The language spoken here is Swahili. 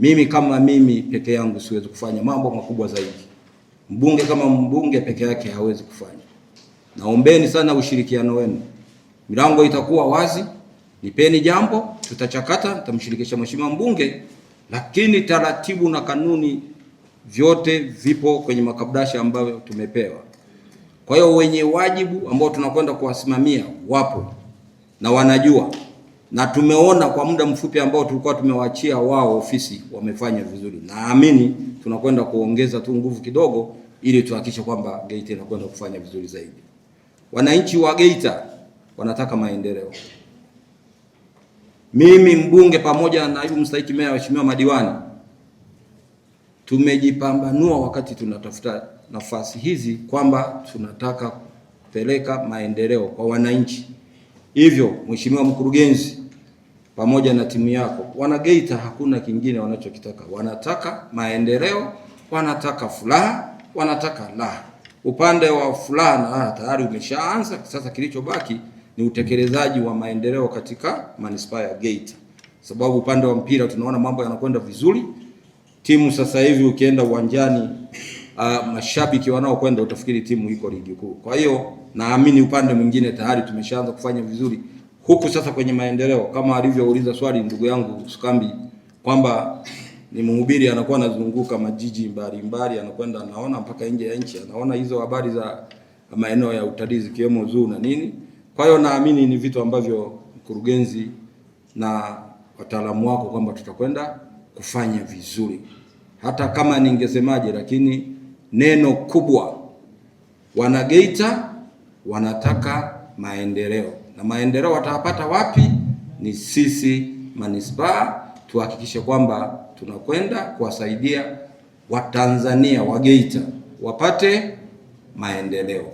Mimi kama mimi peke yangu siwezi kufanya mambo makubwa zaidi, mbunge kama mbunge peke yake hawezi kufanya. Naombeni sana ushirikiano wenu, milango itakuwa wazi. Nipeni jambo, tutachakata, tutamshirikisha mheshimiwa mbunge, lakini taratibu na kanuni vyote vipo kwenye makabdasha ambayo tumepewa. Kwa hiyo wenye wajibu ambao tunakwenda kuwasimamia wapo na wanajua na tumeona kwa muda mfupi ambao tulikuwa tumewachia wao ofisi wamefanya vizuri. Naamini tunakwenda kuongeza tu nguvu kidogo, ili tuhakikishe kwamba Geita inakwenda kufanya vizuri zaidi. Wananchi wa Geita wanataka maendeleo. Mimi mbunge pamoja na naibu mstahiki meya, waheshimiwa madiwani, tumejipambanua wakati tunatafuta nafasi hizi kwamba tunataka kupeleka maendeleo kwa wananchi. Hivyo Mheshimiwa Mkurugenzi, pamoja na timu yako. Wana Geita hakuna kingine wanachokitaka, wanataka maendeleo, wanataka furaha, wanataka la Upande wa furaha na raha tayari umeshaanza, sasa kilichobaki ni utekelezaji wa maendeleo katika manispaa ya Geita, sababu upande wa mpira tunaona mambo yanakwenda vizuri. Timu sasa hivi ukienda uwanjani Uh, mashabiki wanaokwenda utafikiri timu iko ligi kuu. Kwa hiyo naamini upande mwingine tayari tumeshaanza kufanya vizuri huku sasa kwenye maendeleo kama alivyouliza swali ndugu yangu Sukambi kwamba ni mhubiri anakuwa anazunguka majiji mbalimbali, anakwenda anaona mpaka nje ya nchi, anaona hizo habari za maeneo ya utalii zikiwemo zoo na nini. Kwa hiyo naamini ni vitu ambavyo mkurugenzi na wataalamu wako kwamba tutakwenda kufanya vizuri, hata kama ningesemaje, lakini neno kubwa, Wanageita wanataka maendeleo na maendeleo watapata wapi? Ni sisi manispaa tuhakikishe kwamba tunakwenda kuwasaidia Watanzania wa Geita wapate maendeleo.